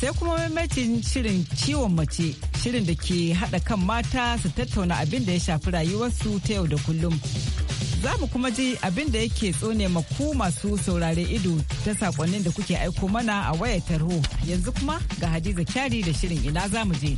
sai kuma maimacin shirin ciwon mace shirin da ke hada kan mata su tattauna abin da ya shafi rayuwarsu ta yau da kullum za mu kuma ji abin da yake tsone maku masu saurare ido ta saƙonnin da kuke aiko mana a wayar tarho yanzu kuma ga hadiza kyari da shirin ina za mu je.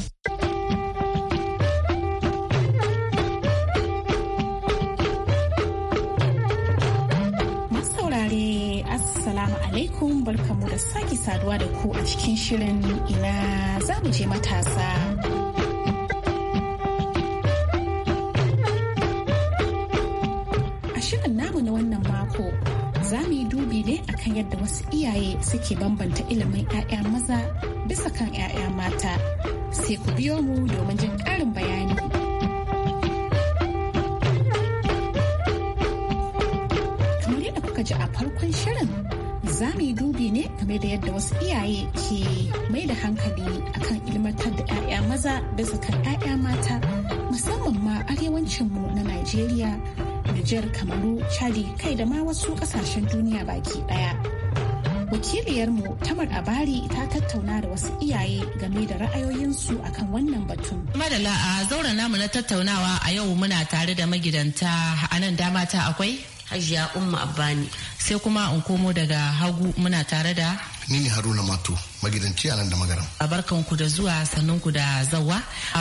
Assalamu alaikum barkamu da sake saduwa da ku a cikin shirin ina za mu je matasa. A shirin namu na wannan mako za mu yi dubi ne akan yadda wasu iyaye suke bambanta ilimin 'ya'ya maza bisa kan 'ya'ya mata. Sai ku biyo mu domin jin ƙarin bayani. game da yadda wasu iyaye ke mai da hankali akan ilmantar da 'ya'ya maza bisa kan 'ya'ya mata musamman ma arewancinmu na Najeriya, Nijar, Kamaru, Chadi kai da ma wasu kasashen duniya baki daya. wakiliyarmu tamar abari ta tattauna da wasu iyaye game da ra'ayoyinsu akan wannan batun. madala a zauren namu na tattaunawa a yau muna tare da magidanta a nan dama ta akwai hajiya umma abani sai kuma in komo daga hagu muna tare da ni ne haruna mato magidanci a nan da magaram abarkan ku da zuwa ku da zawa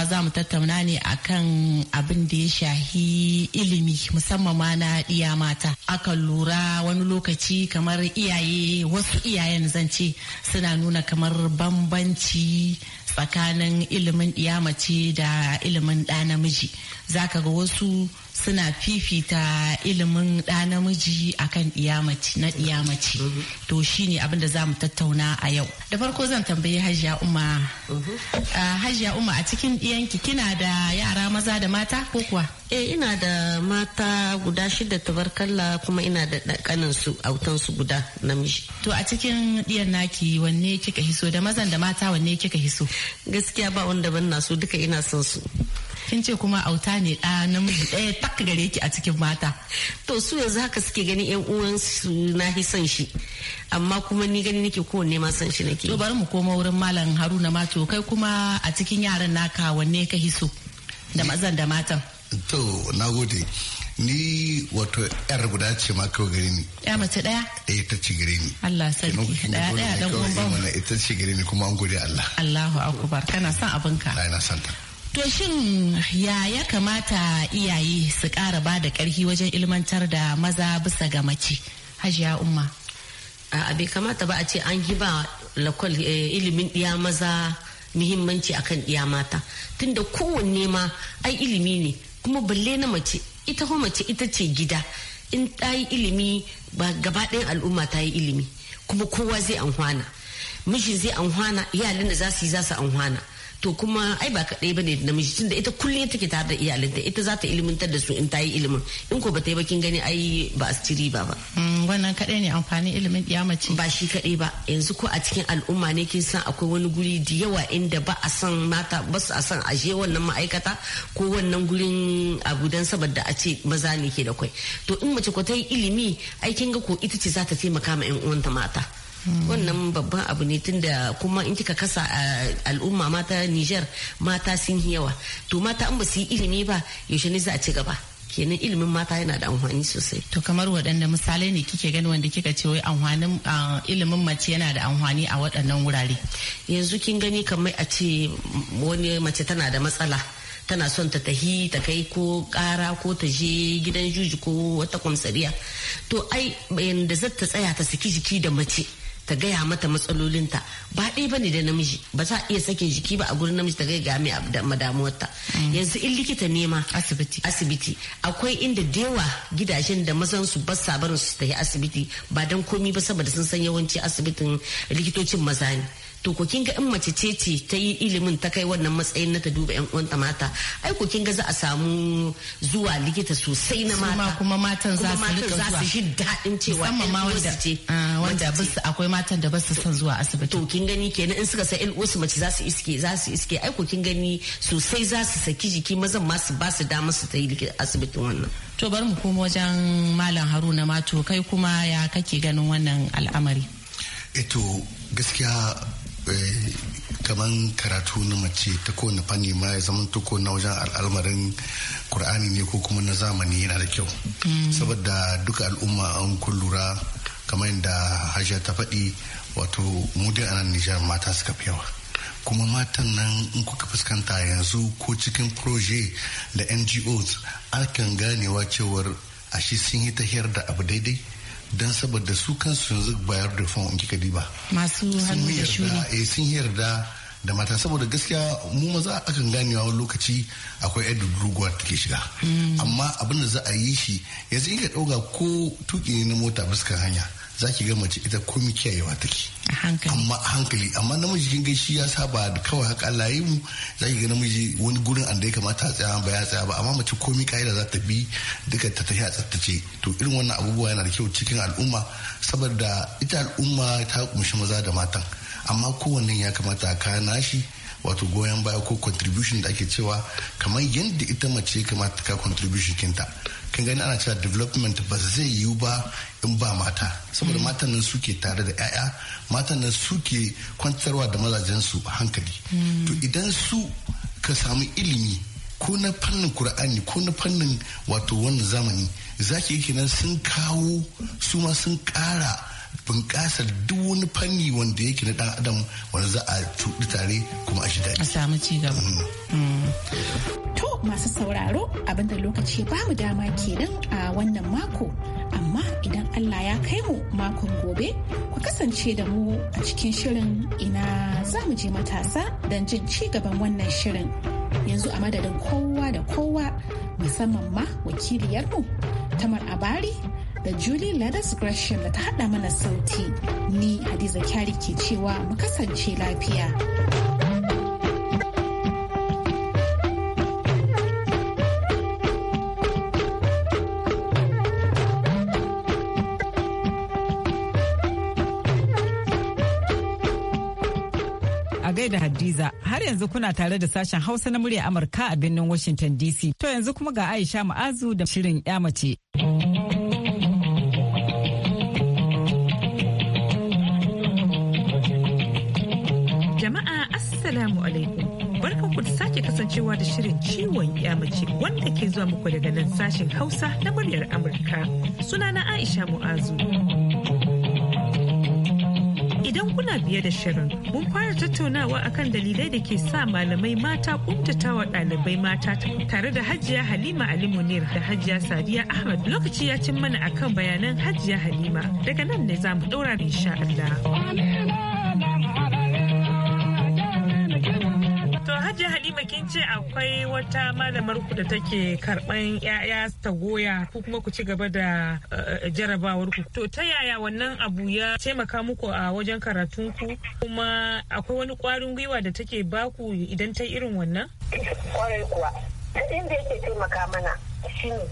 za mu tattauna ne akan abin da ya shahi ilimi musamman ma na iya mata Aka lura wani lokaci kamar iyaye wasu iyayen zance suna nuna kamar bambanci tsakanin ilimin iya mace da ilimin ɗa namiji zaka ga wasu suna fifita ilimin ɗa namiji akan ɗiyamaci na ɗiyamaci to shine abin da za mu tattauna a yau da farko zan tambayi hajiya umma hajiya umma a cikin ɗiyanki kina da yara maza da mata ko kuwa eh ina da mata guda shida tabarkalla kuma ina da ɗanƙanin su autan su guda namiji to a cikin ɗiyan naki wanne kika hiso da mazan da mata wanne kika hiso gaskiya ba wanda ban na so duka ina son su kin ce kuma auta ne da namiji ɗaya tak gare ki a cikin mata to su yanzu haka suke gani yan uwansu na hi son shi amma kuma ni gani nake kowanne ma son shi nake to bari mu koma wurin malam haruna ma to kai kuma a cikin yaran naka wanne ka hiso da mazan da matan to nagode ni wato yar guda ce ma kawai gare ni ya mace daya da eh, ta ce gare ni Allah sarki daya daya dan uwan ita ce gare ni kuma an gode Allah Allahu akbar kana son abinka na san ta To shin ya ya kamata iyaye su kara ba da ƙarfi wajen ilmantar da maza bisa ga mace hajiya umma? A bai kamata ba a ce an ba lakwal eh, ilimin ɗiya maza muhimmanci akan ɗiya mata tunda kowanne ma ai ilimi ne kuma balle na mace ita ko mace ita ce gida in ta yi ilimi ba gaba ɗayan al'umma ta yi ilimi kuma kowa zai anhwana miji zai anhwana iyalin da za su yi za su anhwana to kuma ai ba kaɗai ba ne da namiji tunda ita kullum take tare da iyalinta ita za ta ilimantar da su in ta yi ilimin in ko ba ta yi ba gani ai ba a ba ba. Mm, wannan kaɗai ne amfanin ilimin ɗiya mace. ba shi kaɗai ba yanzu ko a cikin al'umma ne kin san akwai wani guri da yawa inda ba a san mata ba su a san ashe wannan ma'aikata ko wannan gurin abu dan saboda a ce maza ne ke da kwai to in mace ko ta yi ilimi ai kin ga ko ita ce za ta taimaka ma 'yan uwanta mata. wannan babban abu ne tun da kuma in kika kasa al'umma mata Niger mata sun yawa to mata in ba su yi ilimi ba yaushe ne za a ci gaba kenan ilimin mata yana da amfani sosai. To kamar waɗanda misalai ne kike gani wanda kika ce wai amfanin ilimin mace yana da amfani a waɗannan wurare. Yanzu kin gani kamar a ce wani mace tana da matsala. tana son ta tahi ta kai ko kara ko ta je gidan juji ko wata kwamsariya to ai da zata tsaya ta saki jiki da mace ta gaya mata matsalolinta ba ɗaya bane da namiji ba za a iya sake jiki ba a gurin namiji ta gaya game madamuwarta mm. yanzu in likita nema asibiti asibiti akwai inda yawa gidajen da mazan su ba sa barin su tafi asibiti ba dan komi ba saboda sun san yawanci asibitin likitocin maza ne to ko kinga in mace ce ce ta yi ilimin ta kai wannan matsayin na ta duba yan uwanta mata ai ko kinga za a samu zuwa likita sosai na mata kuma matan za su za su shi daɗin cewa ma wanda ce ah, wanda basu akwai matan da basu son zuwa asibiti to kin gani kenan in suka sai yan uwansu mace za su iske za su iske ai ko kin gani sosai za su saki jiki mazan ma su ba su damar su ta yi likita asibitin wannan to bari mu koma wajen malam haruna mato kai kuma ya kake ganin wannan al'amari eto eh gaskiya kaman karatu na mace ta kowane fanni ma ya zama tuko na wajen al'amarin kur'ani ne ko kuma na zamani yana da kyau mm. saboda duka al'umma an kun lura kamar yadda hajiya ta faɗi wato mudin anan nijar mata suka fi yawa kuma matan nan in kuka fuskanta yanzu ko cikin proje da ngos akan ganewa cewar ashe sun yi ta hiyar da abu daidai dan saboda su kansu yanzu bayar da fom in kika diba masu hannu da shuni eh, sun yarda da mata saboda gaskiya mu maza akan ganewa wani lokaci akwai yadda ta take shiga hmm. amma abin da za a yi shi yanzu in ka ɗauka ko tuki ne na mota fuskar hanya za ki ga mace ita komi kiyayewa take amma hankali amma namiji kin ga shi ya saba kawai haka Allah ya yi mu za ki ga namiji wani gurin an da ya kamata a tsaya ba ya tsaya ba amma mace komi ka'ida za ta bi duka ta tafi a tsaftace to irin wannan abubuwa yana da kyau cikin al'umma saboda ita al'umma ta kumshi maza da matan amma kowannen ya kamata a nashi. wato goyon baya ko contribution da ake cewa kamar yadda ita mace kamata ka contribution kinta kan gani ana cewa development ba zai yiwu ba in ba mata saboda mm. matan nan suke tare da 'ya'ya matan nan suke kwantarwa da mazajensu hankali mm. to idan su ka samu ilimi ko na fannin kur'ani ko na fannin wato wannan zamani zaki nan sun kawo su ma sun kara bunƙasar duk wani fanni wanda yake na ɗan adam wanda za a tuɗi tare kuma a shi daɗi. A samu ci gaba. Mm. Mm. To masu sauraro abinda lokaci ba mu dama kenan a wannan mako amma idan Allah ya kai mu makon gobe ku kasance da mu a cikin shirin ina za mu je matasa don jin ci gaban wannan shirin yanzu a madadin kowa da kowa musamman ma wakiliyarmu tamar abari da Julie Ladis Gresham da ta haɗa mana sauti. Ni Hadiza Kyari ke cewa mu kasance lafiya. da Hadiza har yanzu kuna tare da sashen Hausa na murya Amurka a birnin Washington DC. To yanzu kuma ga Aisha Ma'azu da shirin 'ya mace. shirin ciwon mace wanda ke zuwa muku daga nan sashen Hausa na muryar Amurka. suna na Aisha Mu'azu. Idan kuna biye da shirin, mun fara tattaunawa akan dalilai da ke sa malamai mata kuntatawa ɗalibai mata tare da Hajiya Halima Ali Munir da Hajiya Sadiya Ahmad lokaci ya cin mana akan bayanan Hajiya Halima. Daga nan ne za mu ɗaura insha Allah. hajji halima kin ce akwai wata malamar ku da take karban yaya ta goya ko kuma ku ci gaba da eh, jarabawar ku to ta yaya wannan abu ya taimaka muku a wajen karatun ku kuma akwai wani kwarin gwiwa da take baku idan ta irin wannan kwarai kuwa ta inda yake taimaka mana shi ne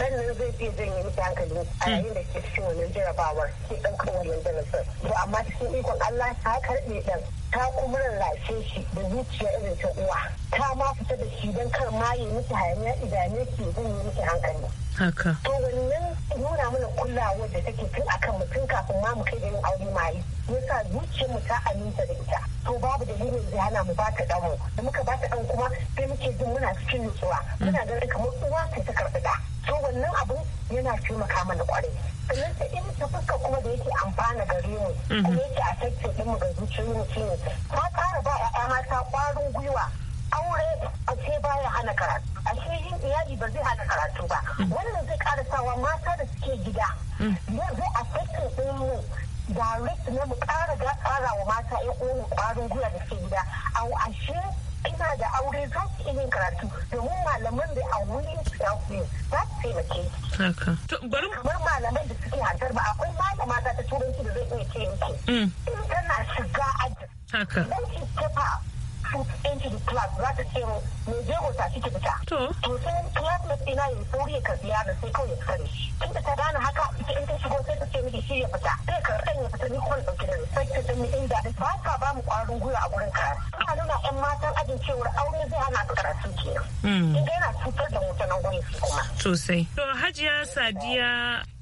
sannan zai iya jin ya miki hankali a hmm. yayin da ke cikin wannan jarabawar ke ɗan kawai darasin to amma cikin ikon Allah ta karɓe ɗan ta kuma rarrashe shi da zuciya irin ta uwa ta ma fita da shi don kar ma ya miki hayaniya idane ke zan yi miki hankali haka to wannan nuna mana kulawa da take tun akan mutum kafin ma mu kai da yin aure ma yasa zuciyar mu ta aminta da ita to babu dalilin da hana mu ba ta damu da muka ba ta dan kuma sai muke jin muna cikin nutsuwa mm. muna ganin kamar uwa sai ta karɓi da to wannan abu yana taimaka mana kwarai sannan ta in ta fuska kuma da yake amfana gare mu mm-hmm. kuma yake a din mu ga zuciyar mu shine ta ƙara ba 'ya'ya mata ƙwarin gwiwa aure a ce baya hana karatu iyali ba zai hana karatu ba wannan zai karasawa mata da suke gida mm. ne zai a mu da rikin mu kara ga kara wa mata ya ƙoƙo ƙwarin gwiwa da suke gida a ashe ina da aure za su yi karatu domin malaman da a wurin su za su taimake Kamar malaman da suke hantar ba akwai malama ta ta turanci da zai iya ce mm. In tana shiga aji. sun enter class za ta ce mu je ko ta ciki fita to sai classmate ina yin sauri ya karbi yaron sai kawai ya fita da shi tunda ta gane haka ita in ta shigo sai ta ce miki shi ya fita sai karɓan ya fita ni kuma ɗauki da respect ta mu inda ba ka ba mu ƙwarin gwiwa a gurin ka Ina nuna jin cewar aure zai hana ka karatu kenan. Hmm. Inda yana cutar da mutum na gwamnati kuma. Sosai. To Hajiya Sadiya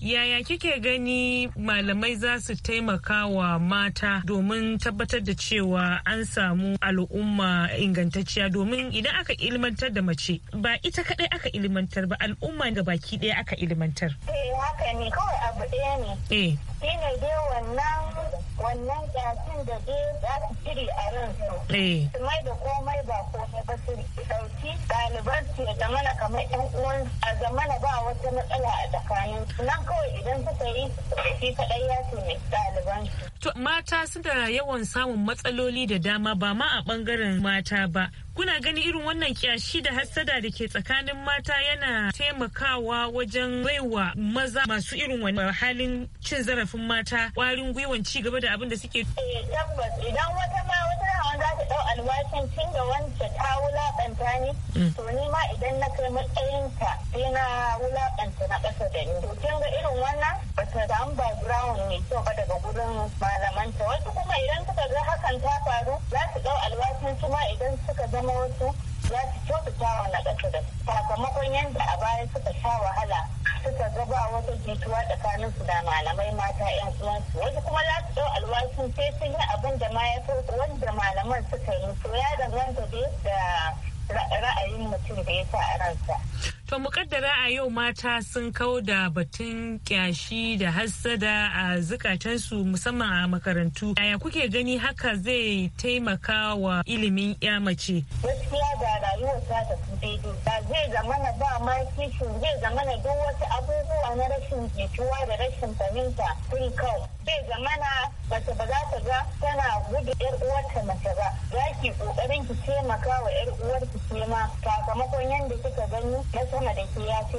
yaya kike gani malamai za su taimaka wa mata domin tabbatar da cewa an samu al'umma ingantacciya domin idan aka ilmantar da mace ba ita kadai aka ilmantar ba al'umma ga baki daya aka ilmantar. Eh haka ne kawai abu daya ne. Eh. Shi dai wannan wannan yasin da ke za su cire a ransu. Eh. Su mai da komai ba komai ba su ɗauki ɗaliban su ya zamana kamar ƴan uwan a zamana ba wata matsala a tsakanin. Nan kawai idan suka yi shi kaɗai ya su ɗaliban su. To mata suna yawan samun matsaloli da dama ba ma a bangaren mata ba. Kuna gani irin wannan kyashi da hassada da ke tsakanin mata yana taimakawa wajen baiwa maza masu irin wani halin cin zarafin mata kwarin gwiwan ci gaba da abin da suke. Eh, Idan wata ma za ta ɗau alwashin tun da wance ta wulaƙanta ne mm. to ni ma idan na kai matsayinta sai na wulaƙanta na ƙasa da ni to kin ga irin wannan ba ta samu background mai kyau ba daga gurin malamanta wasu kuma idan suka ga hakan ta faru za su ɗau alwashin su ma idan suka zama wasu za su kyautata wa na ƙasa da sakamakon yadda a baya suka sha wahala suka gaba a wata jituwa tsakanin su da malamai mata yan uwansu wasu kuma za su dau alwashin sai sun yi abin da ma ya farko wanda malaman suka yi so ya danganta da ra'ayin mutum da ya sa a ransa. To muƙaddara a yau mata sun kau da batun kyashi da hassada a zukatansu musamman a makarantu. Yaya kuke gani haka zai taimaka wa ilimin ya mace? Gaskiya da rayuwar ta tafi daidai. Da zai na ba ma kishin zai na duk wasu abubuwa na rashin jituwa da rashin fahimta sun kawo. Zai na mace ba za ta ga tana gudu yar uwarta mace ba. Za ki ƙoƙarin ki taimaka wa yar uwarki ke ma sakamakon yadda kika gani na sama da ke ya ce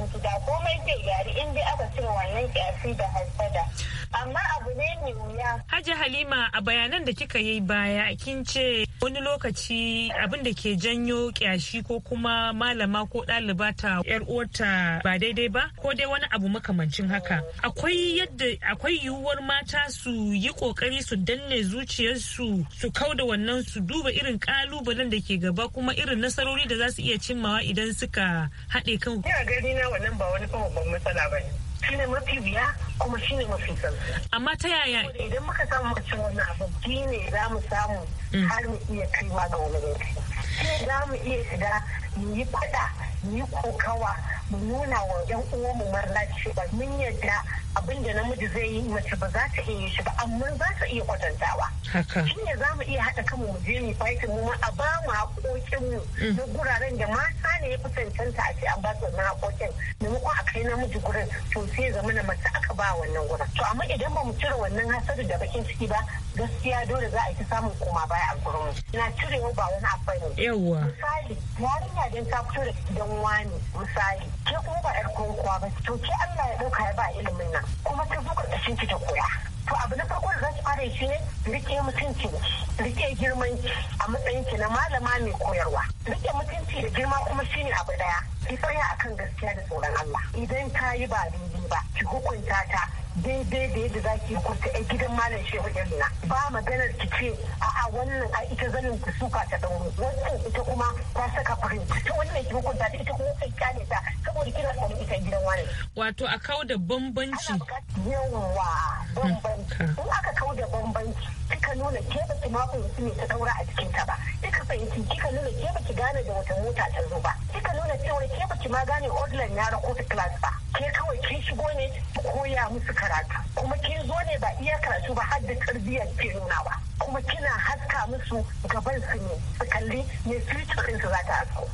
miki da komai zai gyari in dai aka cire wannan kyafi da hasada amma abu ne mai wuya. Hajji Halima a bayanan da kika yi baya kin ce wani lokaci abin da ke janyo kyashi ko kuma malama ko ɗaliba ta yar uwarta ba daidai ba ko dai wani abu makamancin haka. Akwai yadda akwai yiwuwar mata su yi kokari su danne zuciyarsu su kau da wannan su duba irin kalubalen da ke gaba kuma irin nasarori da za su iya cimmawa idan suka haɗe kan ina gani na wannan ba wani babban matsala ba ne shine mafi biya kuma shi ne mafi sauki amma ta yaya idan muka samu mace wani abu. abin ne za mu samu mm. har mu iya kai ma ga wani lokaci sai za mu iya shiga mu yi faɗa mu yi kokawa mu nuna wa yan uwanmu marla cewa mun yarda abin da namiji zai yi mace ba za ta iya yi shi ba amma za ta iya kwatantawa. Shi ne za mu iya haɗa kanmu mu je mu fahimta mu a ba mu haƙoƙinmu mm. na guraren da mata ne ya fi cancanta a ce an ba su wannan haƙoƙin maimakon a kai namiji gurin to sai zama na mace aka ba wannan gurin to amma idan ba mu cire wannan hasadu da bakin ciki ba gaskiya dole za a yi ta samun koma baya a gurin na cirewa ba wani abu ne yawa misali yarinya dan ta fito da gidan wani misali ke kuma ba yar kowa ba to ke Allah ya ɗauka ya ba ilimin nan kuma ta zo karkashin ki ta koya to abu na farko da kai ce rike mutunci rike girman a matsayin ki na malama mai koyarwa rike mutunci da girma kuma shine abu daya ki tsaya akan gaskiya da tsoron Allah idan ka yi ba daidai ba ki hukunta ta daidai da yadda za ki kurta a gidan malam shehu irina ba maganar ki ce a wannan a ita zanin ku suka ta dauro wannan ita kuma ta saka farin ta wannan ki hukunta ta ita kuma kai kyale ta saboda kina tsaro ita gidan malam wato a kau da bambanci yawa bambanci in aka kau da bambanci kika nuna ke ba ki mako yanzu ne ta daura a cikin ta ba kika fahimci kika nuna ke ba ki gane da wata mota ta zo ba kika nuna cewa ke ba ki ma gane odlan ya rako ta class ba ne kawai kin shigo ne koya musu karatu kuma kin zo ne ba iya karatu ba har da tarbiyyar ke ba. kuma kina haska musu gaban su ne su kalli ne future su za ta hasko.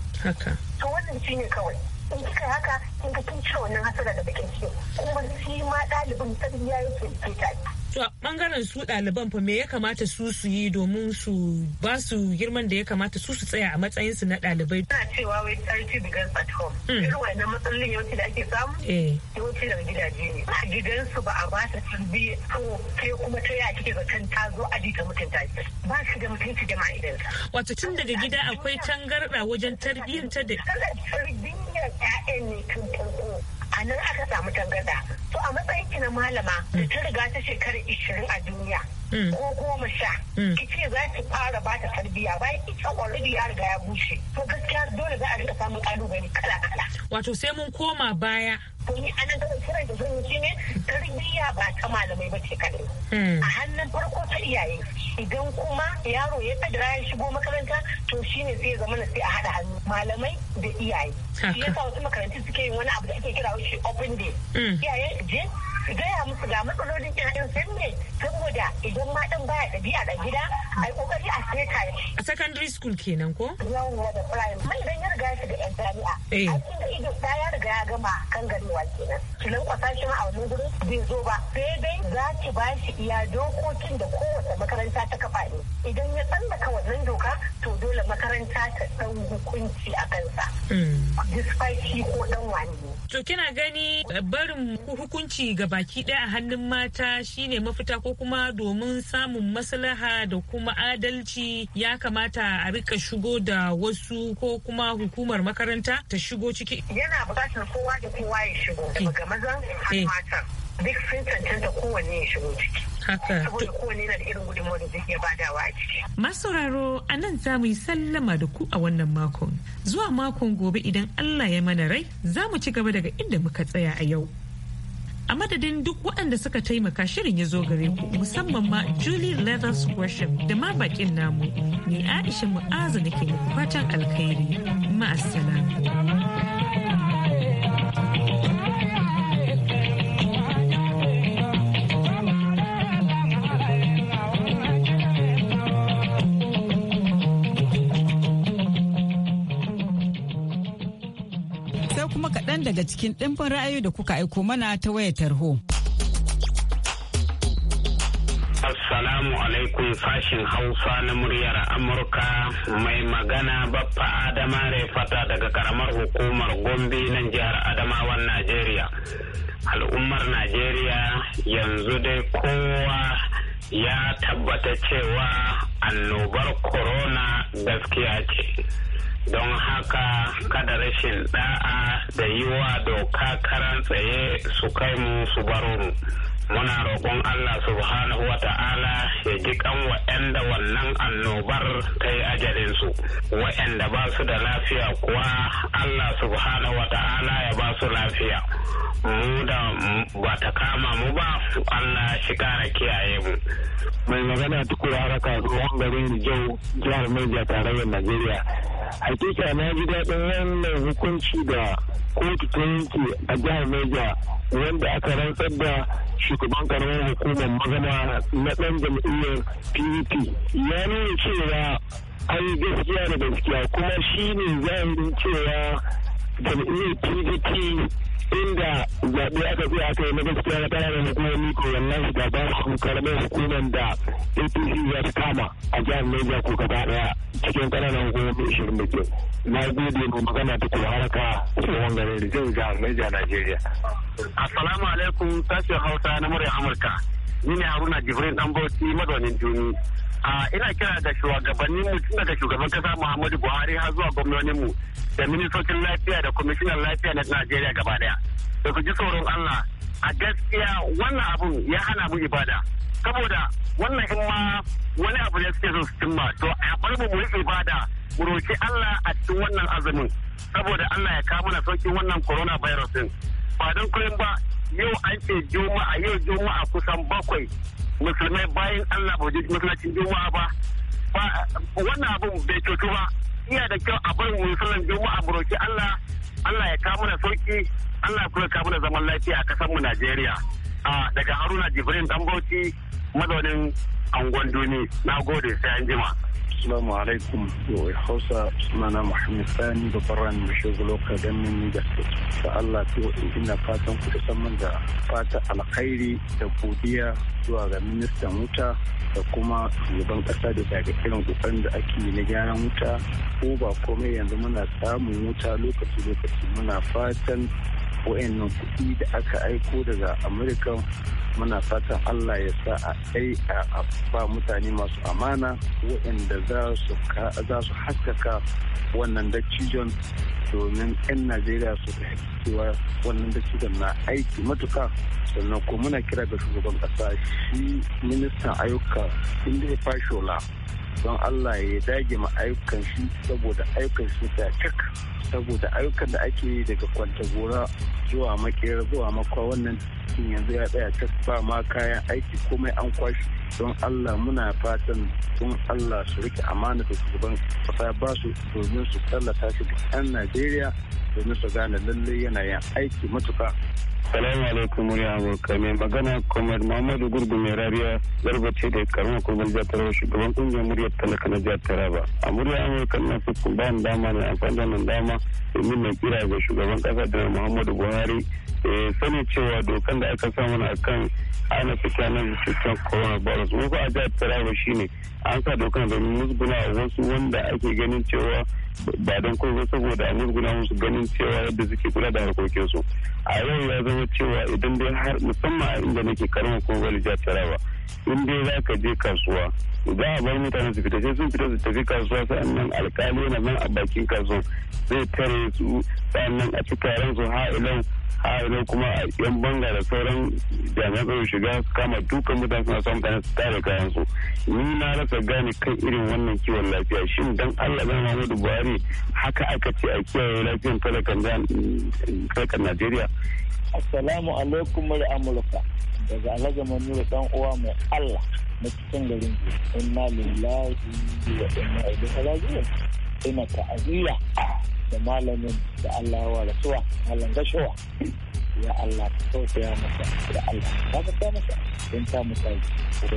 To wannan shi ne kawai. in kika haka in ga kin ci wannan hasara da bakin ciki kuma shi ma ɗalibin tarbiyya yake ke ta to bangaren su ɗaliban fa me ya kamata su su yi domin su ba su girman da ya kamata su su tsaya a matsayin su na ɗalibai Ina cewa wai charity begins at home hmm. irin wannan matsalolin yawanci da ake samu eh. yawanci daga gidaje ne a gidansu ba a ba ta tambaye to sai kuma ta yaya kike zaton ta zo aji ta mutunta ba shi da mutunci da ma'idansa wato tun daga gida akwai tangarɗa wajen ta da tarbiyyar ƴaƴan ne tun farko a nan aka samu tangarda to a matsayin ki na malama da mm. ta riga ta shekara ishirin a duniya mm. ko goma sha mm. ki ce za ki fara ba ta tarbiyya bayan ita already ya riga ya bushe to gaskiya dole za a riga samun kalubale kala kala wato sai mun koma baya domin ana da kiran da shi ne tarbiyya ba ta malamai ba ce kadai hmm. a hannun farko ta iyaye idan kuma yaro ya kadara ya shigo makaranta to shine sai ya zama na sai a haɗa hannu malamai da iyaye shi yasa wasu makarantu suke yin wani abu da ake kira shi open day hmm. iyaye je ki gaya musu ga matsalolin ƴaƴan sun ne saboda idan ma ɗan baya ɗabi'a da gida yi kokari a seta shi a secondary school kenan ko yawwa da primary mai idan ya riga shiga ƴan jami'a eh. ai kin ido da ya riga ya gama kan garewa kenan ki lankwasa shi a wani gurin bai zo ba sai dai za ki ba shi iya dokokin da kowace makaranta ta kafa ne idan ya tsallaka wannan doka to dole makaranta ta san hukunci a kansa hmm. despite shi ko ɗan wani to kina gani barin hukunci gaba baki ɗaya a hannun mata shine mafita ko kuma domin samun maslaha da kuma adalci ya kamata a rika shigo da wasu ko kuma hukumar makaranta ta shigo ciki. Yana bukatar kowa da kowa ya shigo eh. daga mazan har eh. mata duk sun cancanta kowanne ya shigo ciki. Saboda yana da irin da a ciki. Masauraro a nan za mu yi sallama da ku a wannan makon. Zuwa makon gobe idan Allah ya mana rai za mu ci gaba daga inda muka tsaya a yau. a madadin duk waɗanda suka taimaka shirin ya zo gare ku musamman ma julie leathers worship da ma bakin namu ni aisha mu'azu nake muku fatan alkhairi ma'assalam daga cikin ɗimbin ra'ayoyi da kuka aiko mana ta wayar tarho. Assalamu alaikum sashin Hausa na muryar Amurka mai magana Baffa Adama fata daga karamar hukumar Gombe nan jihar Adamawan Najeriya. Al'ummar Najeriya yanzu dai kowa ya tabbata cewa annobar corona gaskiya ce. don haka kada rashin da'a da yi wa doka karan tsaye su kai mu su baro mu muna roƙon Allah subhanahu wa ta'ala ya ji kan wa'anda wannan annobar ta yi ajalinsu wa'anda ba su da lafiya kuwa Allah subhanahu wa ta'ala ya ba su lafiya mu da ba ta kama mu ba Allah shi kara kiyaye mu mai magana tukura haraka ruwan garin jau jihar Niger tarayyar Najeriya hakika na ji daɗin wannan hukunci da kotu ta yanke a jihar Niger wanda aka rantsar da shugaban karamar hukumar magana na ɗan jam'iyyar PDP ya nuna cewa an yi gaskiya da gaskiya kuma shine zahirin cewa jam'iyyar PDP inda zaɓe aka ce aka yi na gaskiya na ƙananan hukumomi ko wannan shiga ba su karamar hukumar da APC za kama a jihar Niger ko gaba ɗaya cikin ƙananan hukumomi ishirin da ke. Na gode mu magana ta kuma haraka tsohon da zai jihar Niger Najeriya. Assalamu alaikum sashen Hausa na murya Amurka. Ni ne Haruna Jibrin Ɗanbauci mazaunin Juni. a ina kira da shugabannin mu tun daga shugaban kasa Muhammadu Buhari har zuwa gwamnonin mu da ministocin lafiya da kwamishinan lafiya na Najeriya gaba daya da ku ji tsoron Allah a gaskiya wannan abun ya hana mu ibada saboda wannan in ma wani abu ne suke so su cimma to a bar mu mu yi ibada mu roki Allah a cikin wannan azumin saboda Allah ya kawo mana sauƙin wannan corona virus din ba don kullum ba yau an ce juma'a yau juma'a kusan bakwai musulmai bayan Allah ba wajen masallacin juma'a ba wannan abin bai cutu ba iya da kyau a bar musulman juma'a a Allah Allah ya kawo mana sauki Allah ya kuma kawo zaman lafiya a kasar mu Najeriya daga Haruna Jibrin Dambauci mazaunin angon duni na gode sai an jima. Assalamu alaikum yawai Hausa sunana Muhammad Sani babban rani mashigo loka ganin Niger State. Da Allah to ina fatan ku da saman da fata alkhairi da godiya zuwa ga ministan wuta da kuma shugaban kasa da daga irin kokarin da ake yi na gyaran wuta ko ba komai yanzu muna samun wuta lokaci lokaci muna fatan wa'annan kuɗi da aka aiko daga amurka muna fatan allah ya sa a kai a ba mutane masu amana wayanda za su haskaka wannan dattijon domin 'yan najeriya su cewa wannan dattijon na aiki matuka sannan kuma muna kira ga shugaban ƙasa shi ministan ayyuka inda ya fashola don Allah ya dage ma ayyukan shi saboda ayyukan shi ta cik saboda ayyukan da ake yi daga kwantagora zuwa makera zuwa makwa wannan yanzu ya tsaya cik ba ma kayan aiki komai an kwashi don allah muna fatan don allah su rike amana da shugaban kasa ba su domin su tallata shi da 'yan najeriya domin su gane lalle yana yin aiki matuka Salamu alaikum murya Amurka mai magana Comrade Muhammadu Gurgu mai rariya garba ce da karamar kurbar jatara shugaban kungiyar muryar talaka na jatara Taraba. A murya Amurka na fi bayan dama ne amfani da nan dama domin na kira ga shugaban kasa da Muhammadu Buhari Eh, sani cewa dokan da aka samu a kan ana fita na cutar coronavirus mu ba a jihar taraba shine an sa dokan domin musguna wasu wanda ake ganin cewa ba don ba saboda a musguna musu ganin cewa yadda suke kula da harkokinsu a yau ya zama cewa idan dai har musamman a inda nake karamar kuma gwali jihar taraba in dai za ka je kasuwa za a bar mutane su fita sai sun fita su tafi kasuwa sa'annan alkali na nan a bakin kasuwa zai tare su sa'annan a ci taron su ha'ilan har kuma yan banga da sauran jami'an tsaro shiga su kama dukkan mutane suna son mutane su tare kayan su ni na rasa gane kan irin wannan kiwon lafiya shin dan Allah zan Muhammadu Buhari haka aka ce a kiyaye lafiyan talakan Najeriya Assalamu alaikum da Amurka daga Alhaji Manuru dan uwa mai Allah na cikin garin Inna lillahi wa inna ilaihi raji'un ina ta'aziyya da malamin da Allah ya warasuwa malam gashowa ya Allah ka ya masa da Allah ka masa masa don ta da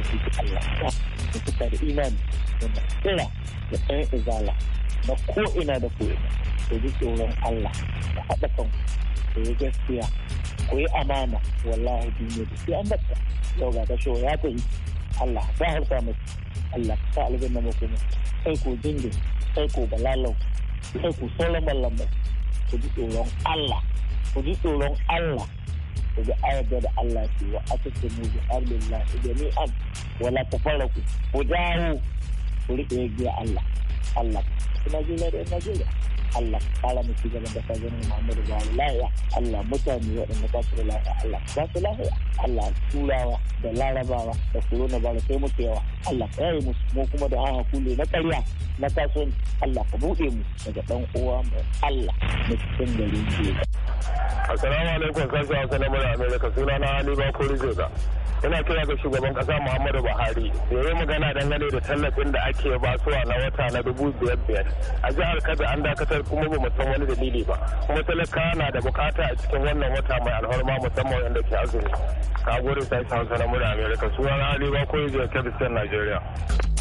shi Allah ka da suka da imani da tsira da ɗan izala na ko'ina da ko'ina da ji tsoron Allah da haɗa kan da ya gaskiya ko yi amana wallahi duniya da shi an bata yau ga gashowa ya ta yi Allah ta harsa masa Allah ka sa aljanna makoma sai ko jingin sai ko balalau sai ku sauran mallamai ku ji tsoron Allah ku ji tsoron Allah ku ga ayyada da Allah ke wa a cikin mu bi Allah ni an wala ta fara ku ku dawo ku riƙe ya Allah Allah kuma Najeriya da Najeriya Allah kara mu gaban da kajin Muhammadu Buhari lahiya Allah mutane waɗanda ba su da lahiya Allah ba su lahiya Allah turawa da larabawa da corona ba sai muke yawa Allah kare mu mu kuma da an kulle na ƙarya na kasuwan Allah ka buɗe mu daga ɗan uwa mu Allah mu cikin gari ke. Assalamu alaikum da. Hausa na Amurka sunana Ali Bakuri Jota. Ina kira ga shugaban kasa Muhammadu Buhari da ya magana dangane da tallafin da ake ba suwa na wata na dubu biyar biyar. A jihar Kabe an dakatar kuma ba san wani dalili ba. Kuma talaka na da bukata a cikin wannan wata mai alfarma musamman wanda ke azumi. ka gode sai Hausa na Mura Amerika. Suna na Ali Bako Yajiyar Kebbi Najeriya.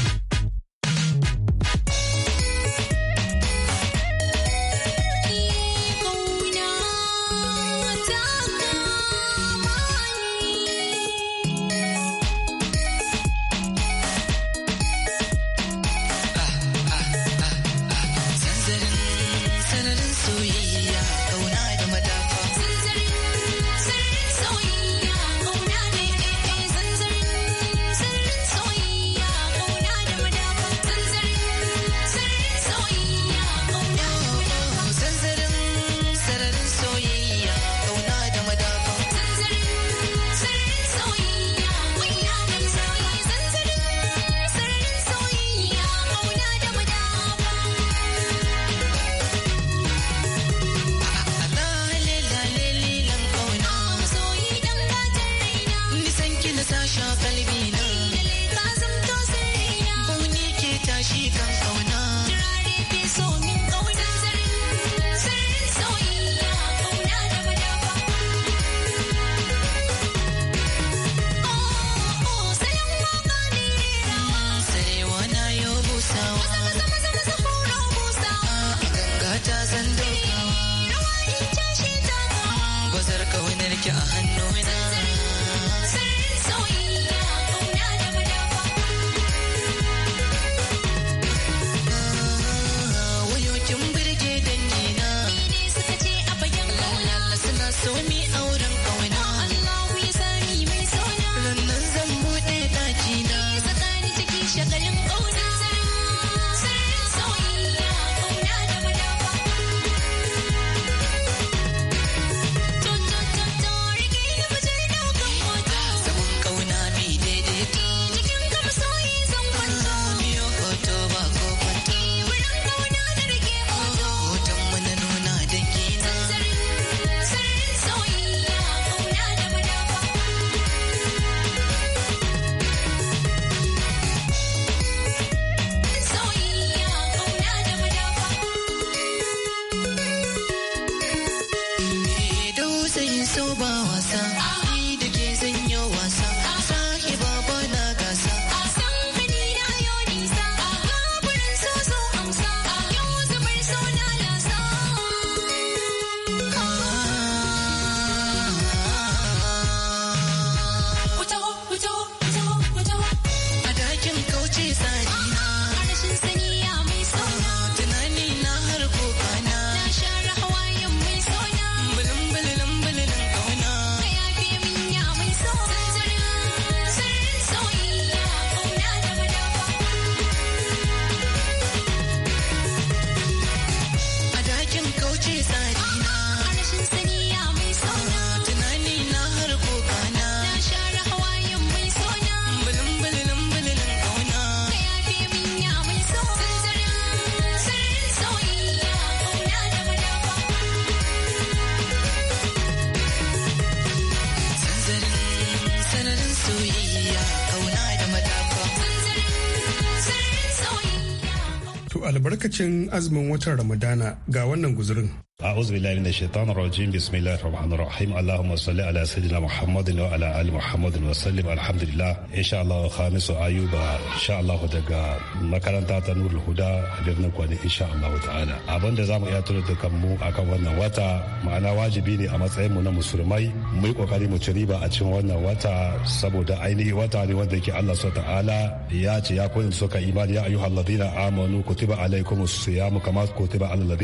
albarkacin azumin watan ramadana ga wannan guzurin أعوذ بالله من الشيطان الرجيم بسم الله الرحمن الرحيم اللهم صل على سيدنا محمد وعلى آل محمد وسلم الحمد لله إن شاء الله خامس أيوب إن شاء الله دقا مكرن تاتا نور الهدى birnin kwani insha Allah ta'ala abin da zamu iya tura da kanmu akan wannan wata ma'ana wajibi ne a matsayin mu na musulmai mu yi kokari mu ci riba a cikin wannan wata saboda ainihi wata ne wanda yake Allah subhanahu ta'ala ya ce ya kunin suka imani ya amanu kutiba alaikumus siyamu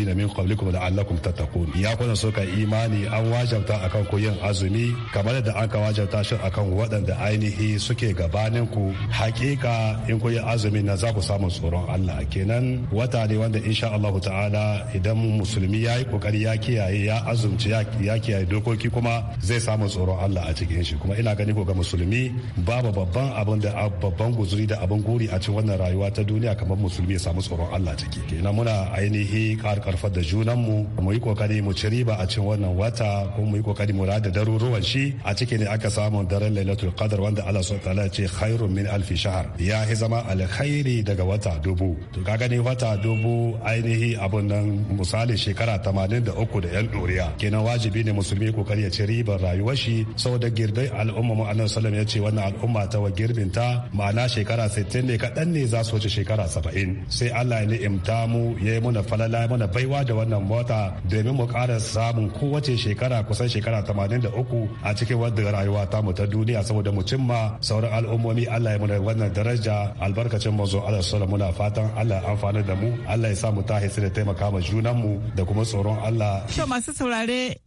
min tattaku ya kuna suka imani an wajabta akan ku yin azumi kamar da an ka wajabta shi akan waɗanda ainihi suke gabanin ku hakika in ku yi azumi na za ku samu tsoron Allah kenan wata ne wanda insha Allah ta'ala idan musulmi ya yi kokari ya kiyaye ya azumci ya kiyaye dokoki kuma zai samu tsoron Allah a cikin shi kuma ina gani ko ga musulmi babu babban abin da babban guzuri da abin guri a cikin wannan rayuwa ta duniya kamar musulmi ya samu tsoron Allah ciki kenan muna ainihi karkarfar da junanmu mu yi kokari mu ci riba a cikin wannan wata ko mu yi kokari mu rada daruruwan shi a cikin ne aka samu daren lailatul qadar wanda Allah subhanahu wataala ya ce khairun min alfi shahr ya yi zama alkhairi daga wata dubu to ka gani wata dubu ainihi abun nan misali shekara 83 da yan doriya kenan wajibi ne musulmi kokari ya ci riba rayuwar shi saboda girdai al'umma mu annabi sallallahu ya ce wannan al'umma ta wa girbin ta ma'ana shekara 60 ne kaɗan ne za su wuce shekara 70 sai Allah ya ni'imta mu ya yi muna falala ya muna baiwa da wannan wata. domin mu kara samun kowace shekara kusan shekara 83 a cikin wadda rayuwa ta mu ta duniya saboda mu cimma sauran al'ummomi Allah ya muna wannan daraja albarkacin manzo Allah sallallahu muna fatan Allah ya amfana da mu Allah ya sa mu ta da taimaka ma junan mu da kuma tsoron Allah. To masu saurare